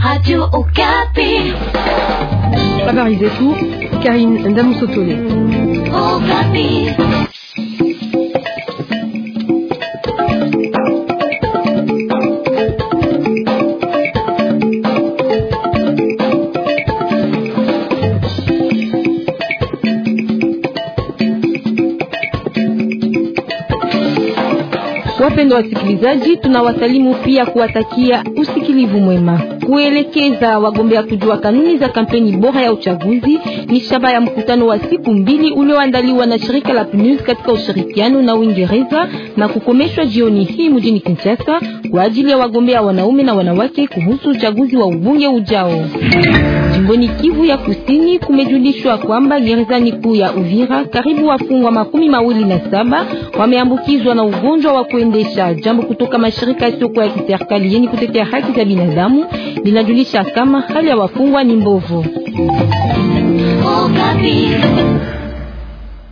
Radio Okapi. Habari zetu, Karine Ndamusotole. Okapi. Wapendwa wasikilizaji, tunawasalimu pia kuwatakia usikilivu mwema kuelekeza wagombea kujua kanuni za kampeni bora ya uchaguzi ni shaba ya mkutano wa siku mbili ulioandaliwa na shirika la PNUS katika ushirikiano na Uingereza na kukomeshwa jioni hii mjini Kinshasa kwa ajili ya wagombea wanaume na wanawake kuhusu uchaguzi wa ubunge ujao. Jimboni Kivu ya Kusini kumejulishwa kwamba gerezani kuu ya Uvira karibu wafungwa makumi mawili na saba wameambukizwa na ugonjwa wa kuendesha. Jambo kutoka mashirika yasiyokuwa ya kiserikali yenye kutetea haki za binadamu linajulisha kama hali ya wafungwa ni mbovu.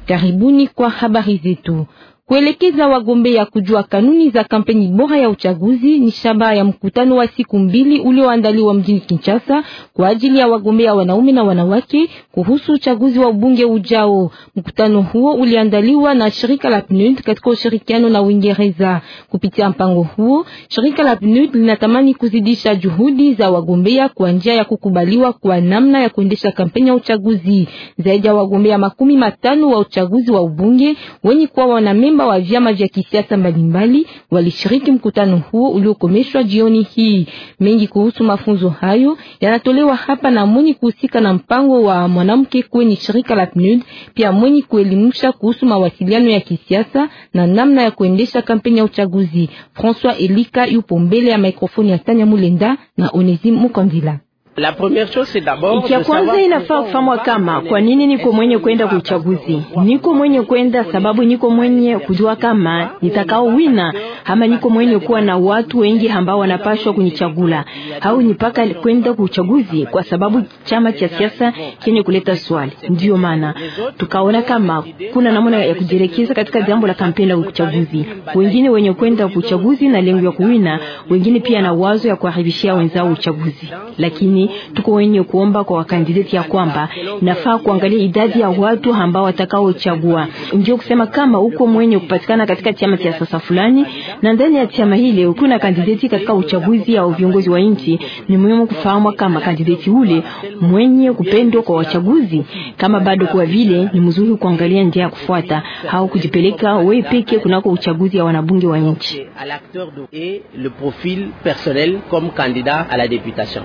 Karibuni kwa habari zetu kuelekeza wagombea kujua kanuni za kampeni bora ya uchaguzi ni shabaha ya mkutano wa siku mbili ulioandaliwa mjini Kinshasa kwa ajili ya wagombea wanaume na wanawake kuhusu uchaguzi wa ubunge ujao. Mkutano huo uliandaliwa na shirika la PNUD katika ushirikiano na Uingereza. Kupitia mpango huo, shirika la PNUD linatamani kuzidisha juhudi za wagombea kwa njia ya kukubaliwa kwa namna ya kuendesha kampeni ya uchaguzi. Zaidi ya wagombea makumi matano wa uchaguzi wa ubunge wenye kuwa wana wanamemba wa vyama vya kisiasa mbalimbali walishiriki mkutano huo uliokomeshwa jioni hii. Mengi kuhusu mafunzo hayo yanatolewa hapa na mwenye kuhusika na mpango wa mwanamke kwenye shirika la PNUD, pia mwenye kuelimisha kuhusu mawasiliano ya kisiasa na namna ya kuendesha kampeni ya uchaguzi. François Elika yupo mbele ya mikrofoni ya Tanya Mulenda na Onesime Mukandila. Ikia kwanza inafaa kufamwa kama kwa nini niko mwenye kwenda kuchaguzi. Niko mwenye kwenda sababu niko mwenye kujua kama nitakao wina ama niko mwenye kuwa na watu wengi ambao wanapashwa kunichagula, au nipaka kwenda kuchaguzi kwa sababu chama cha siasa kenye kuleta swali. Ndio maana tukaona kama kuna namna ya kujirekeza katika jambo la kampeni la uchaguzi. Wengine wenye kwenda kuchaguzi na lengo ya kuwina, wengine pia na wazo ya kuharibishia wenzao uchaguzi, lakini tuko wenye kuomba kwa wakandidati ya kwamba nafaa kuangalia idadi ya watu ambao watakaochagua, ndio kusema kama uko mwenye kupatikana katika chama cha sasa fulani, na ndani ya chama hile ukiwa na kandidati katika uchaguzi au viongozi wa nchi, ni muhimu kufahamu kama kandidati ule mwenye kupendwa kwa wachaguzi. Kama bado kwa vile ni mzuri kuangalia njia ya kufuata au kujipeleka wewe peke kunako uchaguzi ya wanabunge wa nchi. Et le profil personnel comme candidat à la députation.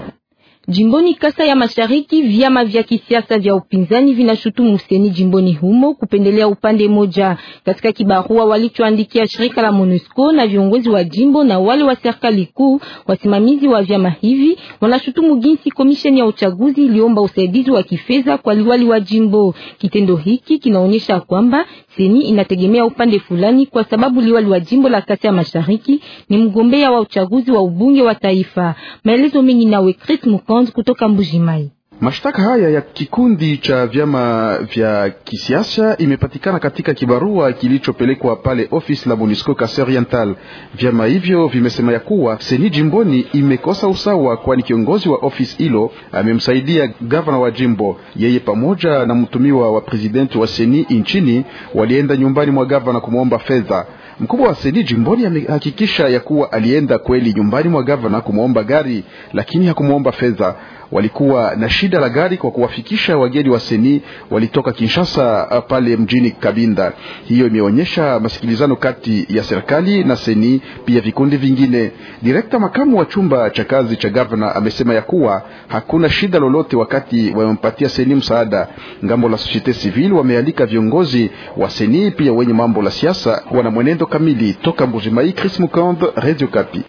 Jimboni Kasa ya Mashariki, vyama vya kisiasa vya upinzani vinashutumu seni jimboni humo kupendelea upande moja. Katika kibarua walichoandikia shirika la MONUSCO na viongozi wa jimbo na wale wa serikali kuu, wasimamizi wa vyama hivi wanashutumu jinsi komisheni ya uchaguzi iliomba usaidizi wa kifedha kwa liwali wa jimbo. Kitendo hiki kinaonyesha kwamba seni inategemea upande fulani, kwa sababu liwali wa jimbo la Kasa ya Mashariki ni mgombea wa uchaguzi wa ubunge wa taifa. Maelezo mengi nawe Chris Muko Konde kutoka Mbujimai. Mashtaka haya ya kikundi cha vyama vya kisiasa imepatikana katika kibarua kilichopelekwa pale ofisi la MONUSCO Kasai Oriental. Vyama hivyo vimesema ya kuwa seni jimboni imekosa usawa, kwani kiongozi wa ofisi hilo amemsaidia gavana wa jimbo. Yeye pamoja na mtumiwa wa presidenti wa seni nchini walienda nyumbani mwa gavana kumwomba fedha. Mkubwa wa seni jimboni amehakikisha ya, ya kuwa alienda kweli nyumbani mwa gavana kumwomba gari, lakini hakumwomba fedha walikuwa na shida la gari kwa kuwafikisha wageni wa seni walitoka Kinshasa eh, pale mjini Kabinda. Hiyo imeonyesha masikilizano kati ya serikali na seni pia vikundi vingine. Direkta makamu wa chumba cha kazi cha gavana amesema ya kuwa hakuna shida lolote wakati wamempatia seni msaada. Ngambo la societe civile wamealika viongozi wa seni pia wenye mambo la siasa wana mwenendo kamili. Toka Mbujimai, Chris Mukand, Radio Kapi.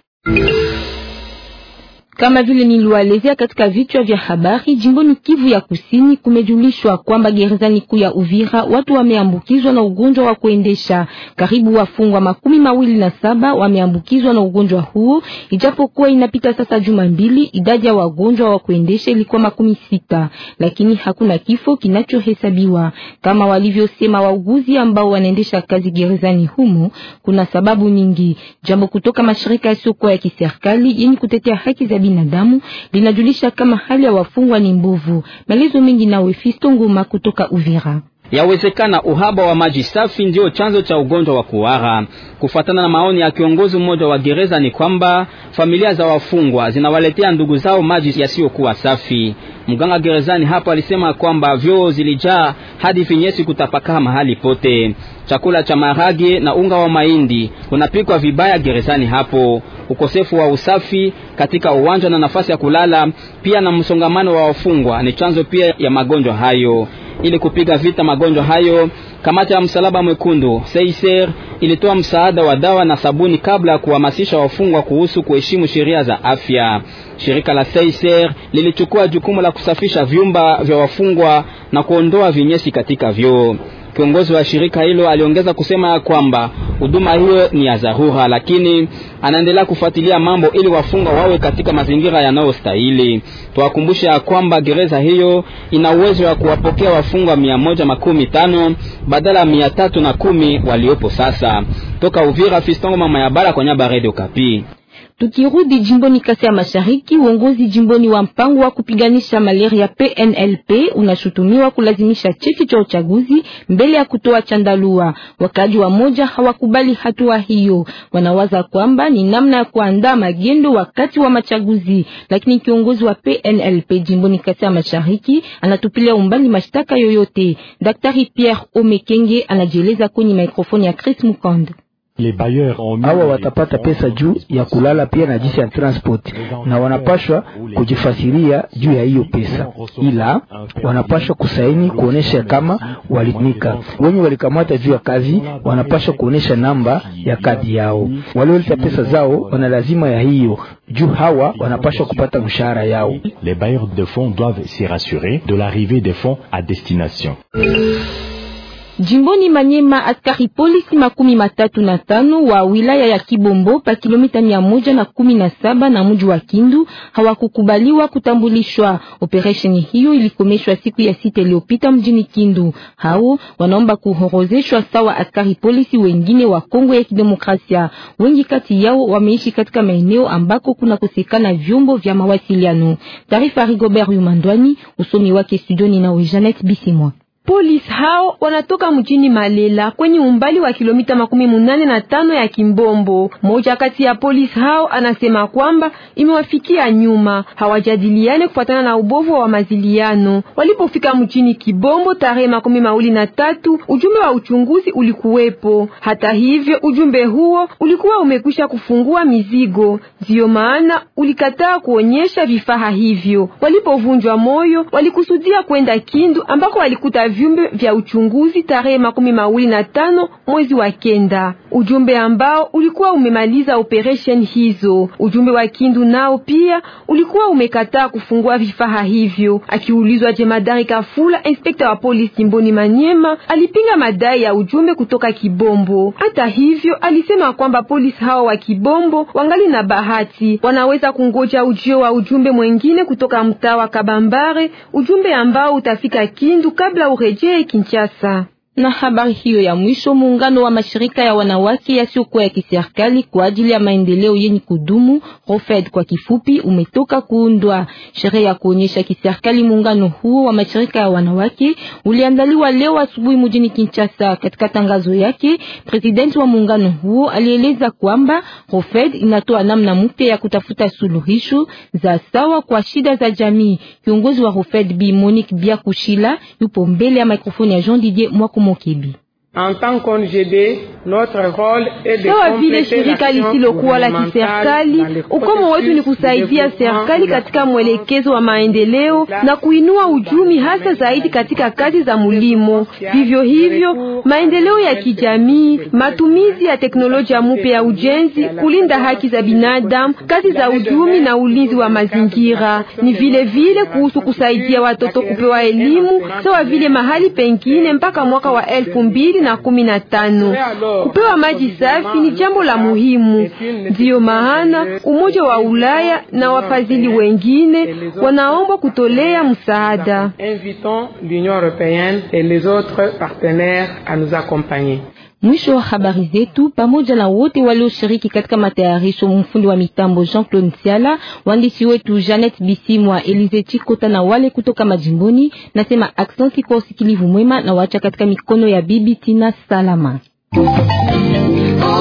Kama vile niliwaelezea katika vichwa vya habari, jimboni Kivu ya Kusini kumejulishwa kwamba gerezani kuu ya Uvira watu wameambukizwa na ugonjwa wa kuendesha. Karibu wafungwa makumi mawili na saba wameambukizwa na ugonjwa huo, ijapokuwa inapita sasa juma mbili, idadi ya wagonjwa wa kuendesha ilikuwa makumi sita, lakini hakuna kifo kinachohesabiwa. Kama walivyosema wauguzi ambao wanaendesha kazi gerezani humo, kuna sababu nyingi, jambo kutoka mashirika yasiyokuwa ya kiserikali yenye kutetea haki za binadamu binadamu linajulisha kama hali ya wafungwa ni mbovu. Maelezo mengi nawe Fisto Ngoma kutoka Uvira. Yawezekana uhaba wa maji safi ndiyo chanzo cha ugonjwa wa kuhara. Kufuatana na maoni ya kiongozi mmoja wa gereza, ni kwamba familia za wafungwa zinawaletea ndugu zao maji yasiyokuwa safi. Mganga gerezani hapo alisema kwamba vyoo zilijaa hadi vinyesi kutapakaa mahali pote. Chakula cha marage na unga wa mahindi unapikwa vibaya gerezani hapo ukosefu wa usafi katika uwanja na nafasi ya kulala, pia na msongamano wa wafungwa ni chanzo pia ya magonjwa hayo. Ili kupiga vita magonjwa hayo, kamati ya Msalaba Mwekundu Seiser ilitoa msaada wa dawa na sabuni kabla ya kuhamasisha wafungwa kuhusu kuheshimu sheria za afya. Shirika la Seiser lilichukua jukumu la kusafisha vyumba vya wafungwa na kuondoa vinyesi katika vyoo. Kiongozi wa shirika hilo aliongeza kusema ya kwamba huduma hiyo ni ya dharura, lakini anaendelea kufuatilia mambo ili wafungwa wawe katika mazingira yanayostahili. Tuwakumbushe ya kwamba gereza hiyo ina uwezo wa kuwapokea wafungwa mia moja makumi tano badala ya mia tatu na kumi waliopo sasa. Toka Uvira, Fistongo mama ya bara kwa nyaba, Radio Kapi. Tukirudi jimboni Kasai ya Mashariki, uongozi jimboni wa mpango wa kupiganisha malaria PNLP unashutumiwa kulazimisha cheti cha uchaguzi mbele ya kutoa chandalua Wakaji wa moja hawakubali hatua hiyo, wanawaza kwamba ni namna ya kuandaa magendo wakati wa machaguzi. Lakini kiongozi wa PNLP jimboni Kasai ya Mashariki anatupilia umbali mashtaka yoyote. Daktari Pierre Omekenge anajieleza kwenye mikrofoni ya Chris Mukonde. Mm. hawa watapata pesa juu ya kulala pia na jinsi ya transport, na wanapashwa kujifasiria juu ya hiyo pesa, ila wanapashwa kusaini kuonyesha kama walitumika. Wenye walikamata juu ya kazi wanapashwa kuonyesha namba ya kadi yao. Walioleta pesa zao wana lazima ya hiyo juu, hawa wanapashwa kupata mshahara yao. Les bailleurs de fonds doivent se rassurer de l'arrivée des fonds à destination Jimboni Manyema, askari polisi makumi matatu na tano wa wilaya ya Kibombo pa kilomita mia moja na kumi na saba na mji wa Kindu hawakukubaliwa kutambulishwa. Operesheni hiyo ilikomeshwa siku ya sita iliyopita mjini Kindu. Hao wanaomba kuhorozeshwa sawa askari polisi wengine wa Kongo ya Kidemokrasia. Wengi kati yao wameishi katika maeneo ambako kunakosekana vyombo vya mawasiliano. Taarifa Rigobert Yumandwani, usomi wake studioni na Janet Bisimwa. Polisi hao wanatoka mjini Malela kwenye umbali wa kilomita makumi munane na tano ya Kimbombo. Moja kati ya polisi hao anasema kwamba imewafikia nyuma, hawajadiliane kufuatana na ubovu wa maziliano. Walipofika mjini Kibombo tarehe makumi mawili na tatu, ujumbe wa uchunguzi ulikuwepo. Hata hivyo, ujumbe huo ulikuwa umekwisha kufungua mizigo, ndiyo maana ulikataa kuonyesha vifaa hivyo. Walipovunjwa moyo, walikusudia kwenda Kindu ambako walikuta vyumbe vya uchunguzi tarehe makumi mawili na tano mwezi wa kenda, ujumbe ambao ulikuwa umemaliza operation hizo. Ujumbe wa Kindu nao pia ulikuwa umekataa kufungua vifaa hivyo. Akiulizwa jemadari Kafula, inspekta wa polisi Mboni Manyema alipinga madai ya ujumbe kutoka Kibombo. Hata hivyo, alisema kwamba polisi hawa wa Kibombo wangali na bahati, wanaweza kungoja ujio wa ujumbe mwengine kutoka mtaa wa Kabambare, ujumbe ambao utafika Kindu kabla turejee Kinshasa. Na habari hiyo ya mwisho, muungano wa mashirika ya wanawake yasiyokuwa ya kiserikali kwa ajili ya maendeleo yenye kudumu ROFED kwa kifupi, umetoka kuundwa. Sherehe ya kuonyesha kiserikali muungano huo wa mashirika ya wanawake uliandaliwa leo asubuhi mjini Kinshasa. Katika tangazo yake, presidenti wa muungano huo alieleza kwamba ROFED inatoa namna mpya ya kutafuta suluhisho za sawa kwa shida za jamii. Kiongozi wa ROFED Bi Monique Biakushila yupo mbele ya mikrofoni ya Jean Didier Mwaku Mokibi. sawa vile shirika lisilokuwa la kiserikali. Ukomo wetu ni kusaidia serikali katika mwelekezo wa maendeleo na kuinua uchumi, hasa zaidi katika kazi za mulimo. Vivyo hivyo, maendeleo ya kijamii, matumizi ya teknolojia mupya ya ujenzi, kulinda haki za binadamu, kazi za uchumi na ulinzi wa mazingira. Ni vile vile kuhusu kusaidia watoto kupewa elimu sawa vile mahali pengine mpaka mwaka wa elfu mbili na kumi na tano. Kupewa maji safi ni jambo la muhimu, ndiyo maana Umoja wa Ulaya na wafadhili wengine wanaomba kutolea msaada. Mwisho wa habari zetu pamoja na wote walioshiriki katika matayarisho, mfundi wa mitambo Jean Claude Siala, waandishi wetu Janet Bisimwa, Elize Chikota na wale kutoka majimboni. Nasema aksanti kwa usikilivu mwema na wacha katika mikono ya Bibi Tina Salama.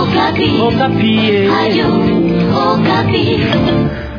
Okapi. Okapi. Eh. Ayu, Okapi.